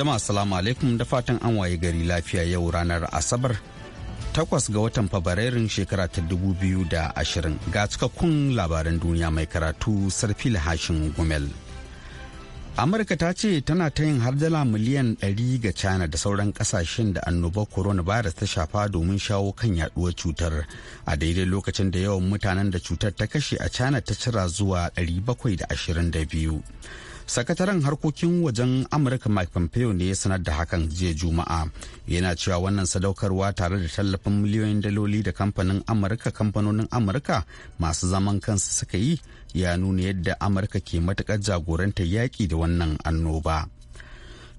Jama'a salamu alaikum da fatan an waye gari lafiya yau ranar Asabar takwas ga watan Fabrairun shekara ta dubu biyu da ashirin ga cikakkun labaran duniya mai karatu sarfil hashin gumel. Amurka ta ce tana ta yin harjala miliyan 100 ga China da sauran kasashen da annobar coronavirus ta shafa domin shawo kan yaduwar cutar a daidai lokacin da yawan mutanen da cutar ta kashe a China ta cira zuwa 722. sakataren harkokin wajen amurka mike pompeo ne ya sanar da hakan jiya juma'a yana cewa wannan sadaukarwa tare da tallafin miliyoyin daloli da kamfanin amurka kamfanonin amurka masu zaman kansu suka yi ya nuna yadda amurka ke matukar jagoranta yaƙi da wannan annoba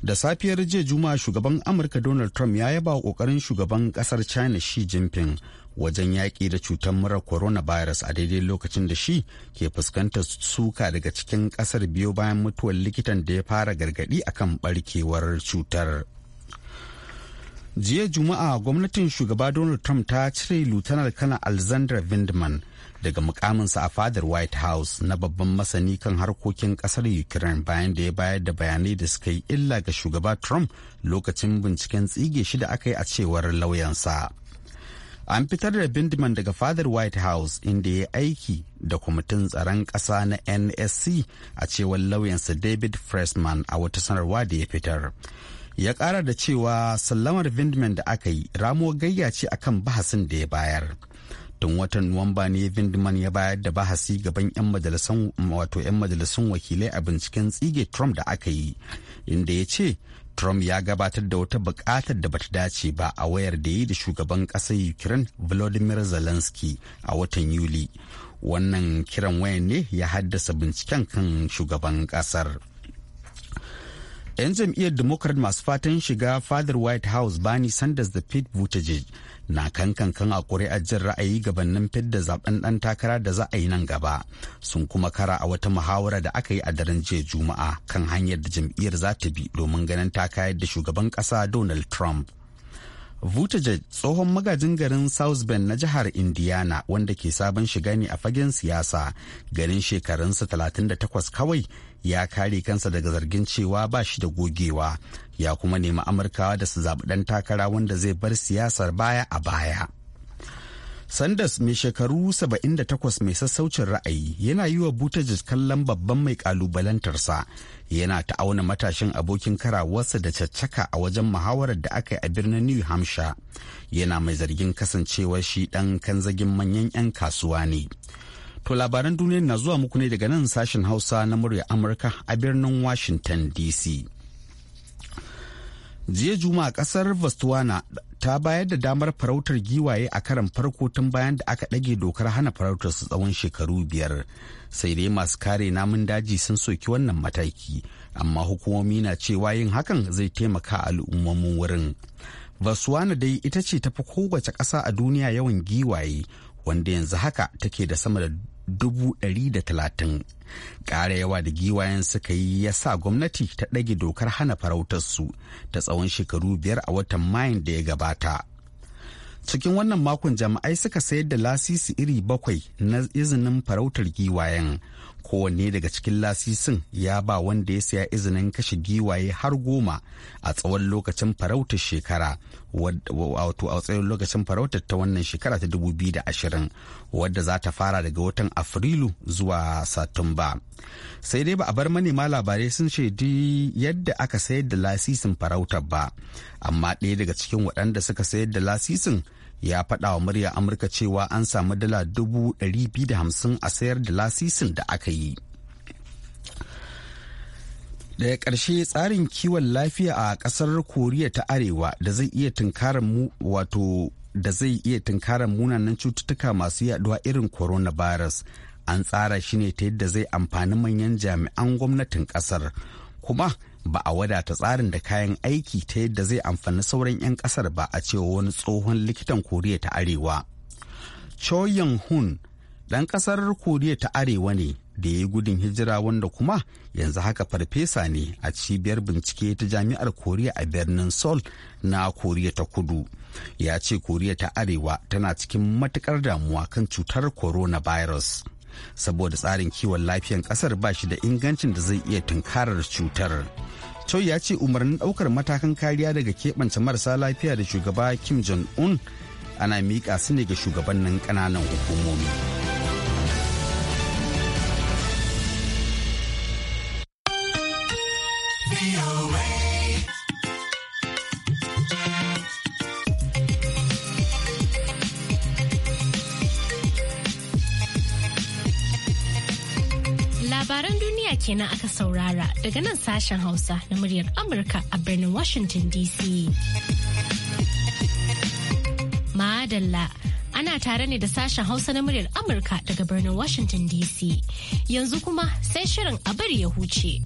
da safiyar jiya juma'a shugaban amurka donald trump ya yaba kokarin shugaban kasar china xi jinping wajen yaƙi da cutar murar virus a daidai lokacin da shi ke fuskantar suka daga cikin ƙasar biyu bayan mutuwar likitan da ya fara gargaɗi akan ɓarkewar cutar. jiya juma'a gwamnatin shugaba donald trump ta cire lieutenant kana alexander vindman daga mukaminsa a fadar white house na babban masani kan harkokin kasar ukraine bayan da ya bayar da bayanai da suka yi illa ga shugaba trump lokacin binciken tsige shi da aka yi a cewar lauyansa an fitar da bindiman daga fadar white house inda ya aiki da kwamitin tsaron ƙasa na nsc a cewar lauyansa david freshman a wata sanarwa da ya fitar ya ƙara da cewa sallamar vindman da aka yi ramo gayya ce kan bahasin da ya bayar tun watan nuwamba ne vindman ya bayar da bahasi gaban 'yan wato 'yan majalisun wakilai a binciken tsige trump da aka yi inda ya ce Trump ya gabatar da wata bukatar da bata dace ba a wayar da yi da shugaban kasar Ukraine Volodymyr Zelensky a watan Yuli. Wannan kiran wayan ne ya haddasa binciken kan shugaban kasar. 'Yan jam'iyyar Democrat masu fatan shiga fadar White House Bernie Sanders da Pete Buttigieg na kankan a ƙuri'ar jin ra'ayi gabanin fidda zaben ɗan takara da za a yi nan gaba sun kuma kara a wata muhawara da aka yi a daren jiya juma'a kan hanyar da jam'iyyar za ta bi domin ganin ta kayar da shugaban ƙasa donald trump Vutaja tsohon magajin garin South Bend na jihar Indiana wanda ke sabon shiga ne a fagen siyasa garin shekarunsa 38 kawai ya kare kansa daga zargin cewa ba shi da gogewa ya kuma nemi Amurkawa da su zaɓi ɗan takara wanda zai bar siyasar baya a baya. Sanders mai shekaru 78 mai sassaucin ra'ayi yana yi wa Buttigieg kallon babban mai kalubalantarsa yana ta auna matashin abokin karawarsa da caccaka a wajen muhawarar da aka yi a birnin New Hampshire yana mai zargin kasancewa shi dan kanzagin manyan 'yan kasuwa ne. To labaran duniya na zuwa muku ne daga nan sashen Hausa na murya Amurka a birnin Washington DC. jiya juma'a kasar botswana ta bayar da damar farautar giwaye a karan farko tun bayan da aka ɗage dokar hana farautar su tsawon shekaru biyar sai dai masu kare namun daji sun soki wannan mataki amma hukumomi na cewa yin hakan zai taimaka al'ummomin wurin baswana dai ita ce tafi kowace ƙasa a duniya yawan giwaye wanda yanzu haka take da sama da dubu 130 ƙara yawa da giwayen suka yi ya sa gwamnati ta ɗage dokar hana farautarsu ta tsawon shekaru biyar a watan mayin da ya gabata cikin wannan makon jami'ai suka sayar da lasisi iri bakwai na izinin farautar giwayen kowanne daga cikin lasisin ya ba wanda ya saya izinin kashe giwaye har goma a tsawon lokacin farautar shekara wato a tsawon lokacin farautar ta wannan shekara ta 2020 wadda za ta fara daga watan afrilu zuwa satumba sai dai ba a bar manema labarai sun shaidi yadda aka sayar da lasisin farautar ba amma ɗaya daga cikin waɗanda suka sayar da lasisin ya faɗa wa murya amurka cewa an samu dala dubu hamsin a sayar da lasisin da aka yi daga ƙarshe tsarin kiwon lafiya a ƙasar koriya ta arewa da zai iya tunkarar mu wato da zai iya tunkarar munanan cututtuka masu yaduwa irin coronavirus an tsara shi ne ta yadda zai amfani manyan jami'an gwamnatin ƙasar kuma ba a wadata tsarin da kayan aiki ta yadda zai amfani sauran 'yan kasar ba a cewa wani tsohon likitan koriya ta arewa cho hun ɗan kasar koriya ta arewa ne da ya yi gudun hijira wanda kuma yanzu haka farfesa ne a cibiyar bincike ta jami'ar koriya a birnin Sol na koriya ta kudu ya ce koriya ta arewa tana cikin matukar damuwa kan cutar coronavirus saboda tsarin kiwon lafiyan kasar ba shi da ingancin da zai iya tunkarar cutar. Choi ya ce umarnin daukar matakan kariya daga keɓance marasa lafiya da shugaba Kim Jong-un ana miƙa su ne ga shugabannin ƙananan hukumomi. kenan aka saurara daga nan sashen Hausa na muryar Amurka a birnin Washington DC. Madalla ana tare ne da sashen Hausa na muryar Amurka daga birnin Washington DC. Yanzu kuma sai shirin a bari ya huce.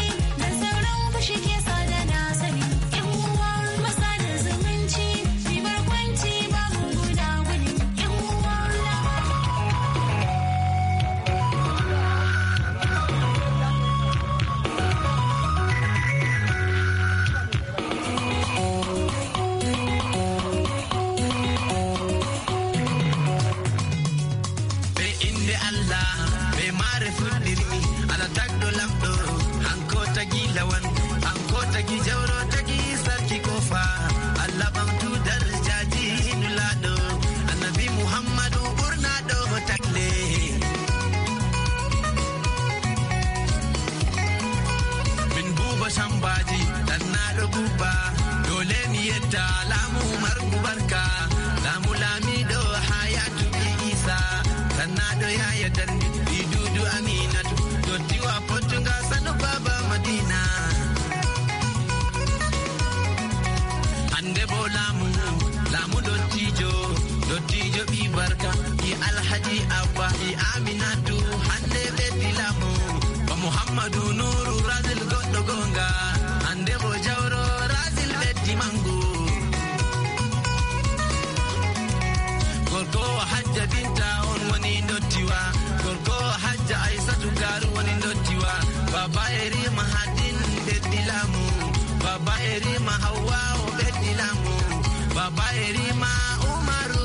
bayari ma umaru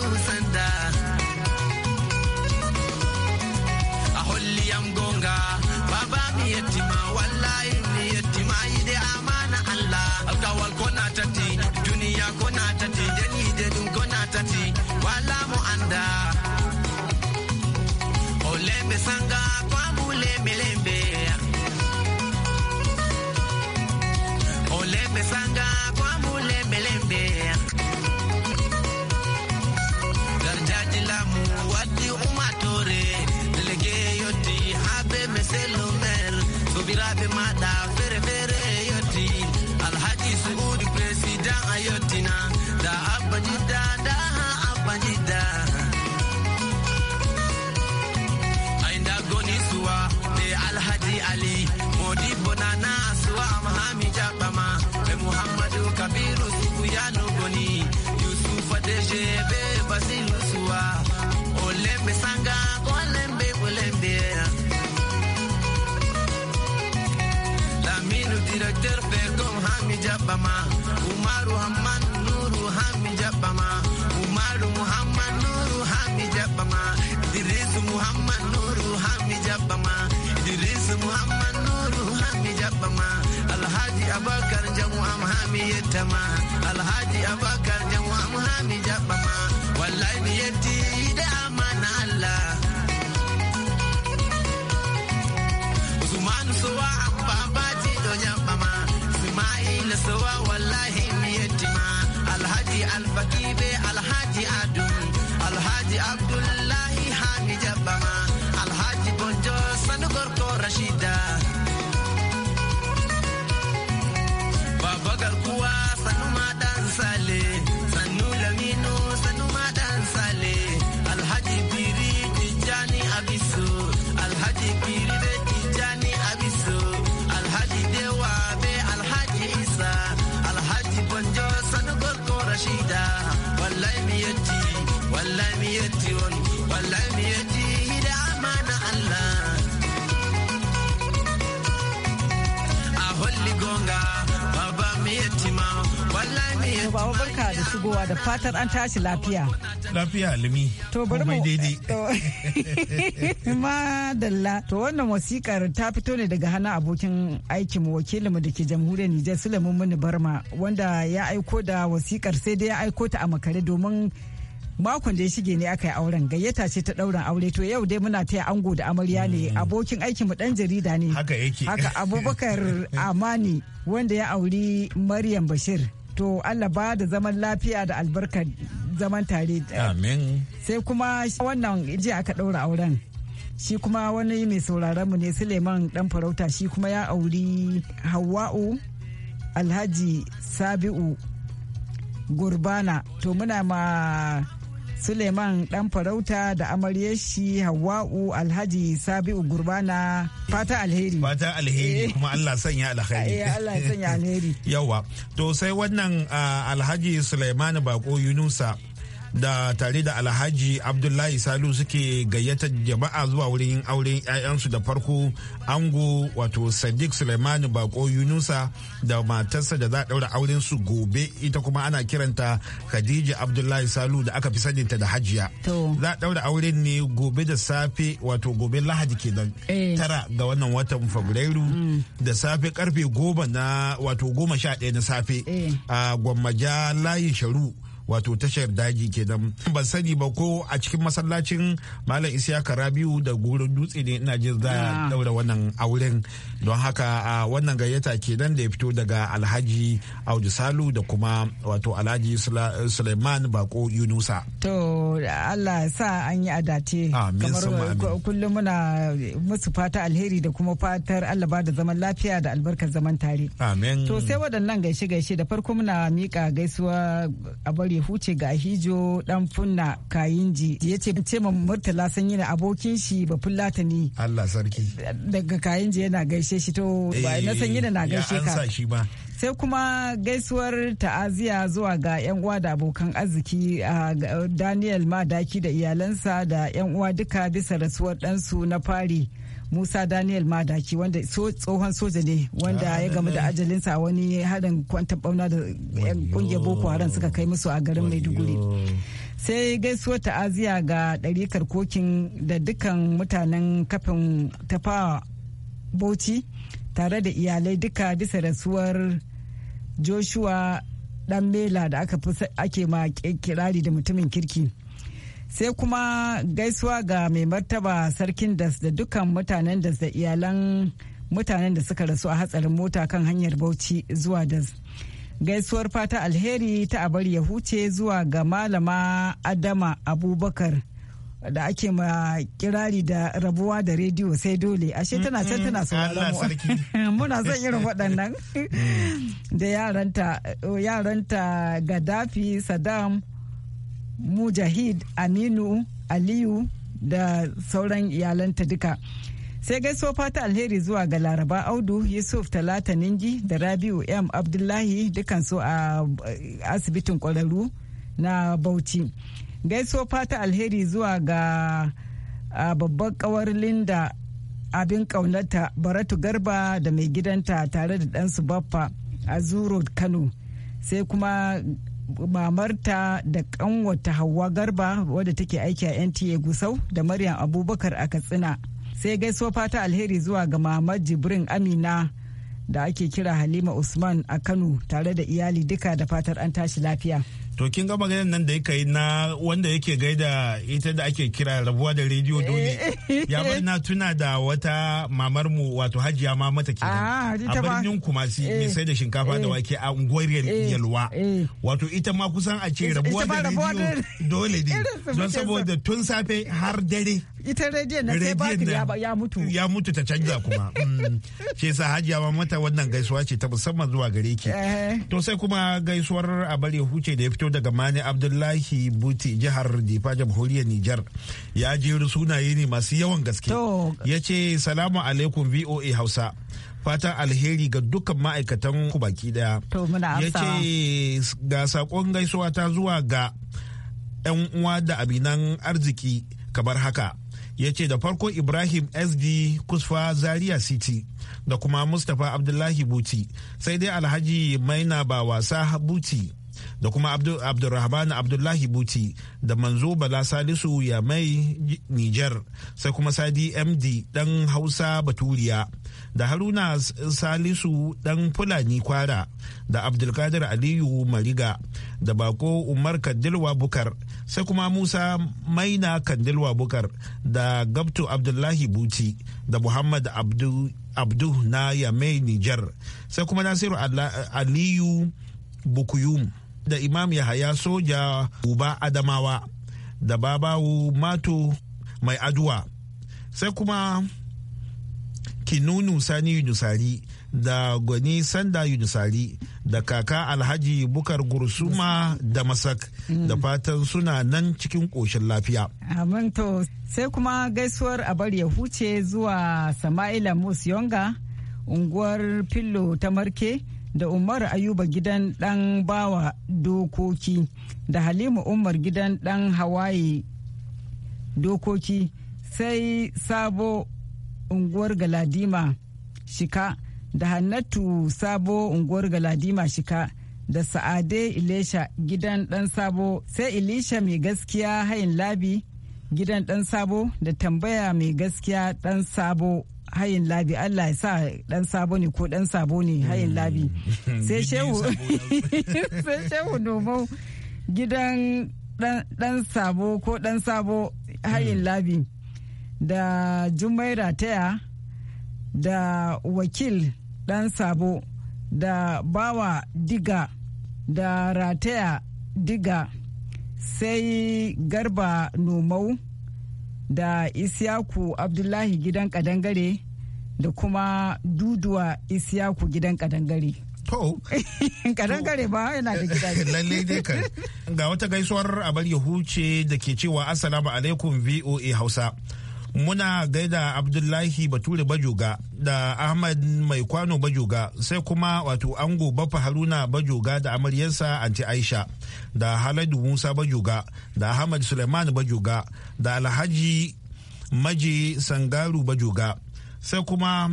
muhammadu kabiru sufiyanu goni yusufa dejebe basilusuwa olembe sanga olembe olembe laminu directeur pegom hamijabama umaru hammanu tama alhaji abba shigowa da fatar an tashi lafiya. Lafiya alimi. To bari mu Madalla. To wannan wasikar ta fito ne daga hana abokin aikin wakilinmu da ke jamhuriyar Nijar Sulaiman Muni Barma wanda ya aiko da wasikar sai dai ya aiko ta a makare domin makon da ya shige ne aka yi auren gayyata ce ta ɗaurin aure to yau dai muna taya ango da amarya ne hmm. abokin aikinmu ɗan jarida ne haka yake haka abubakar amani wanda ya auri maryam bashir to Allah ba da zaman lafiya da albarkar zaman tare amin sai kuma wannan ji aka ɗaura auren shi kuma wani mai sauraron mu ne suleiman dan farauta shi kuma ya auri hawa'u alhaji sabi'u gurbana to muna ma Suleiman ɗan farauta da amaryar shi Hawwa'u Alhaji Sabi'u Gurbana fata alheri. Fata alheri eh. kuma Allah sanya alheri. Eh, Allah sanya alheri. Yawa. To sai wannan ah, Alhaji Suleiman Bako Yunusa da tare da alhaji abdullahi salu suke gayyatar jama'a zuwa wurin auren 'ya'yansu da farko ango wato sadiq suleimani bako yunusa da matarsa da za a daura auren su gobe ita kuma ana kiranta khadija abdullahi salu da aka fi saninta da hajiya za a daura auren ne gobe da safe wato gobe lahadi kenan eh. tara ga wannan watan fabrairu mm. da safe karfe goma na wato goma sha ɗaya na safe eh. a gwammaja layin sharu wato tashar daji kenan ban sani ba ko a cikin masallacin malam isiyaka rabiu da gurin dutse ne ina jin za a ah. daura wannan auren don haka a wannan gayyata kenan da ya fito daga alhaji audu salu da kuma wato alhaji suleiman bako yunusa to allah sa an yi adace kamar kullum muna musu fata alheri da kuma fatar allah ba da zaman lafiya da albarkar zaman tare to sai waɗannan gaishe gaishe da farko muna miƙa gaisuwa a bari bai huce ga hijo dan funna kayinji ya ce ce ma murtala sanyi na abokin shi ba fullata ne Allah sarki daga kayinji yana gaishe shi to ba na eh, sanyi na gaishe ka sai kuma gaisuwar ta'aziya zuwa ga 'yan uwa da abokan arziki a daniel madaki da iyalansa da 'yan uwa duka bisa rasuwar dansu na fari musa daniel madaki wanda tsohon soja ne wanda ah, ya gamu da ajalinsa a wani harin kwanta bauna da yan kungiyar boko haram suka kai musu a garin maiduguri sai gaisuwar ta'aziya ga ɗarikar kokin da dukkan mutanen kafin tafa bauchi tare da iyalai duka bisa rasuwar joshua dan mela da ake ma kirari da mutumin kirki. sai kuma gaisuwa ga mai martaba sarkin das da dukkan mutanen das da iyalan mutanen da suka rasu a hatsarin mota kan hanyar bauchi zuwa das gaisuwar fata alheri ta abar ya huce zuwa ga malama adama abubakar da ake ma kirari da rabuwa da rediyo sai dole ashe mm, tana can mm. tana sauraron muna son irin waɗannan mm. da yaranta gaddafi saddam mujahid aminu aliyu da sauran iyalanta duka sai gaisuwa fata alheri zuwa ga laraba audu yusuf talata ninji da rabiu m abdullahi dukansu a asibitin kwararru na bauchi gaisuwa fata alheri zuwa ga babban kawar linda abin kaunarta baratu garba da mai gidanta tare da ɗansu baffa a zuro kano sai kuma mamarta da kanwata hawa Garba wadda take aiki a NTA Gusau da Maryam Abubakar a Katsina. Sai gaisuwa fata alheri zuwa ga Mamar Jibrin Amina da ake kira Halima Usman a Kano tare da iyali duka da fatar an tashi lafiya. to kin gama ganin nan da ya yi na wanda yake gaida ita da ake kira rabuwa da rediyo dole eh. ya bar na tuna da wata mamar mu wato hajiya ma mata kenan ah, a birnin kumasi mai eh. sai da shinkafa da eh. wake a unguwar yalwa wato ita ma kusan a ce rabuwa da rediyo dole ne don saboda tun safe har dare ita rediyon na sai batir ya mutu ya mutu ta canza kuma ce mm. sa hajiya ma mata wannan gaisuwa ce ta musamman zuwa gare ki eh. to sai kuma gaisuwar a huce da ya fito daga mani abdullahi buti jihar difa jamhuriyar nijar ya jeru sunaye ne masu yawan gaske ya ce salamu alaikum voa hausa fatan alheri ga dukkan ma'aikatan ku baki daya. Ya ce ga sakon gaisuwa ta zuwa ga 'yan uwa da abinan arziki kamar haka. ya ce da farko ibrahim sd kusfa zaria city da kuma mustapha abdullahi buti sai dai alhaji maina ba wasa buti da kuma abdulrahman abdullahi buti da manzo bala salisu ya mai niger sai kuma sadi md dan hausa baturiya da haruna salisu dan fulani kwara da abdulkadir aliyu mariga da bako umar kandilwa bukar sai kuma musa maina kandilwa bukar da gabtu abdullahi buti da muhammad abdu, abdu na yame niger sai kuma nasiru aliyu bukuyum da imam yahaya soja uba adamawa da babawu mato mai aduwa sai kuma kinunu sani yunusari da gwani sanda yunusari da kaka alhaji bukar gursuma da masak da mm. fatan suna nan cikin ƙoshin lafiya. Amin to sai kuma gaisuwar abar ya huce zuwa sama'ila mus yonga unguwar fillo ta marke da Umar Ayuba gidan ɗan bawa dokoki da Halima Umar gidan ɗan Hawaii dokoki sai sabo unguwar Galadima shika da Hannatu sabo unguwar Galadima shika. da sa'ade ilesha gidan dan sabo sai ilisha mai gaskiya hayin labi gidan ɗan sabo da tambaya mai gaskiya ɗan sabo hayin labi Allah ya sa dan sabo ne ko dan sabo ne hayin labi hmm. sai shehu sai shehu domo gidan dan sabo ko dan sabo hayin hmm. labi da jumaira taya da wakil dan sabo da bawa diga da rataya diga sai garba nomau da isyaku abdullahi gidan kadangare da kuma duduwa isiyaku gidan kadangare To. Kadangare ba yana da gidaje. Lallai dai kan. Ga wata gaisuwar abar ya huce da ke cewa Assalamu alaikum VOA Hausa. Muna gaida Abdullahi Bature Bajoga da Ahmad Mai Kwano Bajoga sai kuma wato Ango Bafa Haruna Bajoga da amaryarsa Anti Aisha da Haladu Musa Bajoga da Ahmad Suleiman Bajoga da Alhaji Maji Sangaru Bajoga sai kuma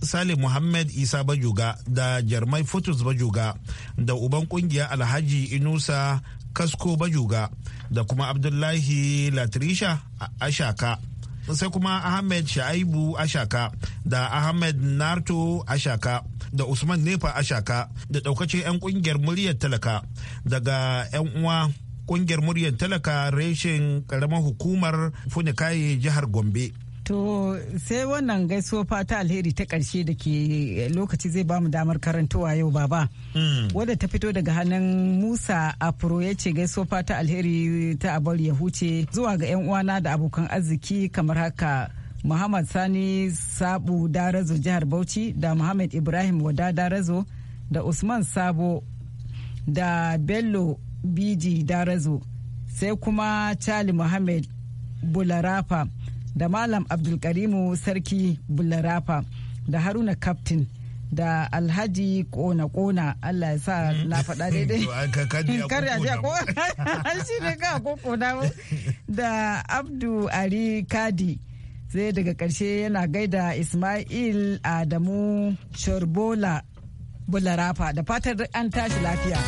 Sale Muhammad Isa bajuga da Jarmai Fotos bajuga da uban kungiya Alhaji Inusa Kasko bajuga da kuma Abdullahi Latrisha Ashaka. sai kuma Ahmed Shaibu Ashaka da Ahmed Narto Ashaka da Usman Nefa Ashaka da ɗaukacin 'yan kungiyar muryar talaka daga 'yan uwa kungiyar muryar talaka reshen ƙaramar hukumar funikaye jihar Gombe. To sai wannan gaisuwa fata alheri ta ƙarshe da ke lokaci zai bamu damar karantowa yau baba. Hmm. Wadda ta fito daga hannun Musa Afro ya ce gaisuwa fata alheri ta abar ya huce zuwa ga 'yan uwana da abokan arziki kamar haka. Muhammad Sani Sabu Darazo jihar Bauchi da Muhammad Ibrahim Wada Darazo da Usman Sabo da Bello Biji Darazo sai kuma Charlie Muhammad Bularafa. da malam abdulkarimu sarki bularafa da haruna captain da alhaji kona kona Allah ya sa na faɗa daidai a ko shi ne ka ko kona da abdu ari kadi sai daga ƙarshe yana gaida ismail adamu shorbola bularafa da fatar an tashi lafiya.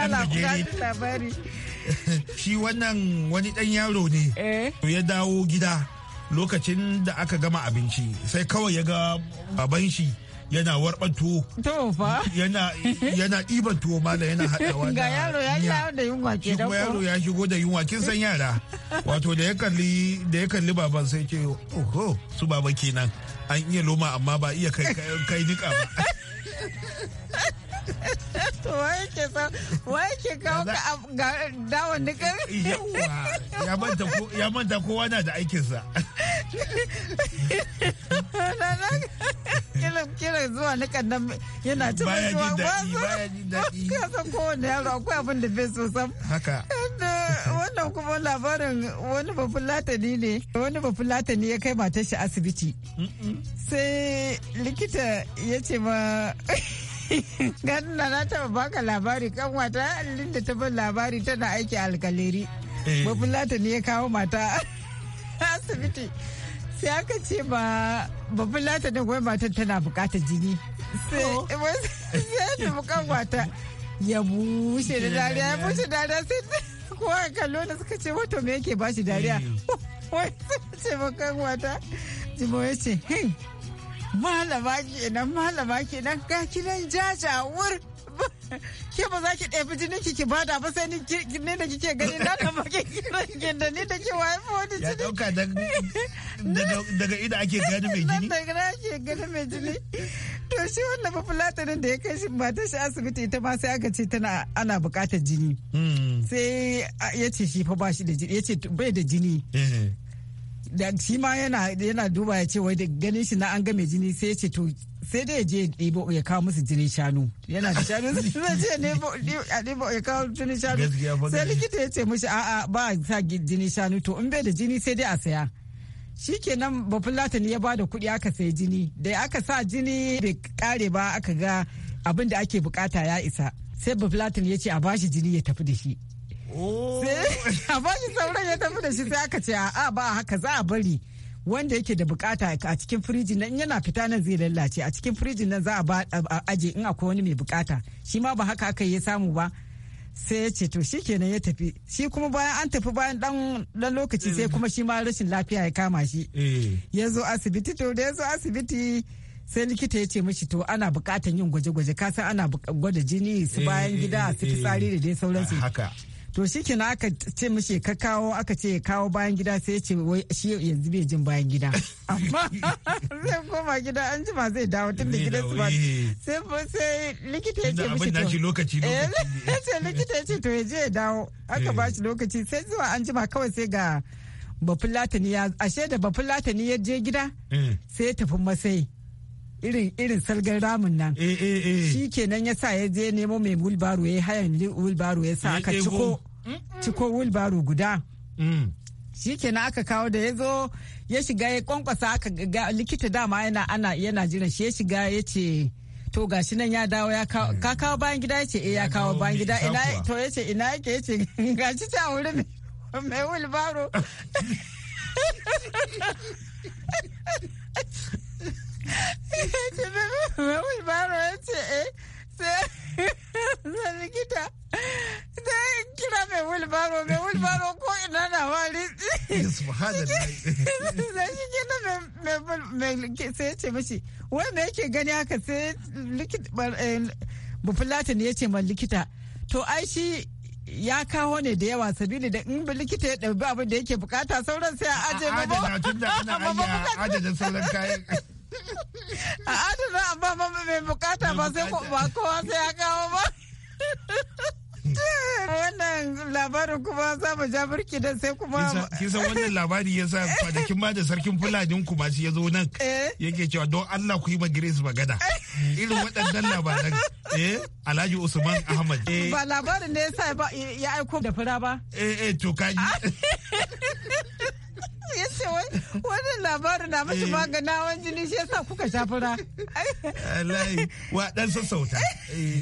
labari. Shi wannan wani ɗan yaro ne. Eh. Ya dawo gida lokacin da aka gama abinci sai kawai ya ga baban shi yana warban tuwo. Yana ɗiban tuwo da yana haɗawa. Ga yaro ya shigo da yunwa ke da yaro ya shigo da yunwa kin san yara. Wato da ya kalli da ya kalli baban sai ce oho su baba kenan an iya loma amma ba iya kai kai nika ba. to wai ke san ga ke kawo dawon nikar ya manta kowa na da aikinsa. sa kiran kiran zuwa nikan nan yana ci baya wasu? daɗi baya san kowane yaro akwai abin da bai so sam wannan kuma labarin wani latani ne wani latani ya kai matar shi asibiti sai likita ya ce ma ganna na taba baka labari kanwata allin da ta bin labari tana aiki alkaleri eh. babulata ne ya kawo mata asibiti sai aka ce ba babulata ne wai matan tana bukatar jini sai oh. ta bukan wata ya bushe da dariya ya bushe dariya sai kowa kallo da suka ce wato me yake bashi dariya eh. wai sai ce bukan wata jimo ya ce hmm, malama kenan malama kenan ga kinan jajawur ke ba za ki ɗabi jini ki ki bada ba sai ni ne da kike gani na da maka kiran da ni da ke wa ba wani jini. Ya ɗauka daga ina ake gani mai jini? Daga ina ake gani mai jini. To shi wannan nan da ya kai shi ba ta shi asibiti ita ma sai aka ce tana ana bukatar jini. Hmm. Sai ya ce shi fa ba shi da jini ya ce bai da jini. Eh. da shi ma yana yana duba ya ce wai da ganin shi na an ga mai jini sai ya ce to sai dai je ɗibo ya kawo musu jini shanu yana da shanu sai ce a ɗibo ya kawo jini shanu sai likita ya ce a a'a ba sa jini shanu to in bai da jini sai dai a saya shi shikenan bafulatani ya bada kuɗi aka sayi jini da aka sa jini bai kare ba aka ga abin da ake bukata ya isa sai bafulatani ya ce a bashi jini ya tafi da shi Oh. a bashi sauran ya tafi da shi sai aka ce a ba haka za a bari wanda yake da bukata a cikin firijin nan yana fita nan zai lallace a cikin firijin nan za a aje in akwai wani mai bukata shi ma ba haka aka yi samu ba sai ya ce to shi kenan ya tafi shi kuma bayan an tafi bayan dan lokaci sai eh. kuma shi ma rashin lafiya ya kama shi eh. ya zo asibiti to da ya zo asibiti sai likita ya ce mishi to ana bukatan yin gwaje-gwaje kasan ana gwada jini su eh, bayan gida su fitsari da dai sauransu to shi na aka ce mishi ka kawo aka ce kawo bayan gida sai ya ce shi yanzu bai jin bayan gida amma zai koma gida an ma zai dawo tun da gida su ba sai sai likita ya ce mishi to lokaci eh, lokaci likita ya ce to ya je ya dawo aka eh. ba shi lokaci sai zuwa an ma kawai sai ga bafulatani ya ashe da bafulatani ya je gida eh. sai ya tafi masai irin irin salgar ramin nan eh, eh, eh. shi kenan ya sa ya je nemo mai wilbaro ya hayan wilbaro ya sa aka ciko wilbaro guda mm. shi kenan aka kawo da ya zo ya shiga ya kwankwasa aka ga likita dama yana ana yana jiran shi ya shiga ya ce to gashi nan ya dawo ya kawo mm. ka kawo bayan gida ya ce eh ya kawo bayan gida ina to ya ce ina yake ya ce gashi ta wurin mai wilbaro ya sai likita sai kira mai wilbaro mai wilbaro ko ina na wari sai shi kira mai sai yace mishi wai yake gani haka sai bufulatan ya ce likita to ai ya kawo ne da yawa sabili da in likita ya ɗabi abin da yake bukata sauran sai a aje ba ba ba ba ba ba ba ba ba ba a adana amma mama mai bukata ba sai ba kowa sai ya kawo ba wannan labarin kuma za mu ja burki da sai kuma kisa wannan labari ya sa kwanakin ma da sarkin fulanin kuma shi ya zo nan eh. yake cewa don Allah ku yi ma Grace magana irin waɗannan labaran eh Alhaji Usman Ahmad ba labarin ne ya sa ya aiko da fura ba eh eh to kaji ya ce wannan labarin na mashi eh. maganawan jini shi yasa kuka sha fura. Wallahi wa dan sassauta. Eh.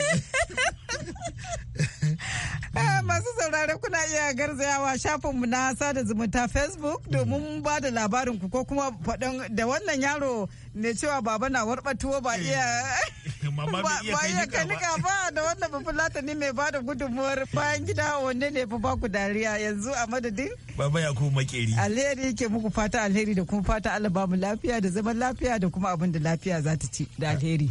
Eh, masu saurare kuna iya garzayawa shafinmu na sada zumunta Facebook domin mm. ba da labarin ku ko kuma faɗin da wannan yaro ne cewa baba na warɓa tuwo ba iya. mama bai iya kanika ba da wannan bafulata ne mai bada gudunmuwar bayan gida wanne ne fa baku dariya yanzu a madadin baba ya ku makeri alheri yake muku fata alheri da kuma fata Allah ba mu lafiya da zaman lafiya da kuma abin da lafiya za ta ci da alheri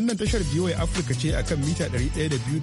Wannan tashar VOA afirka ce akan mita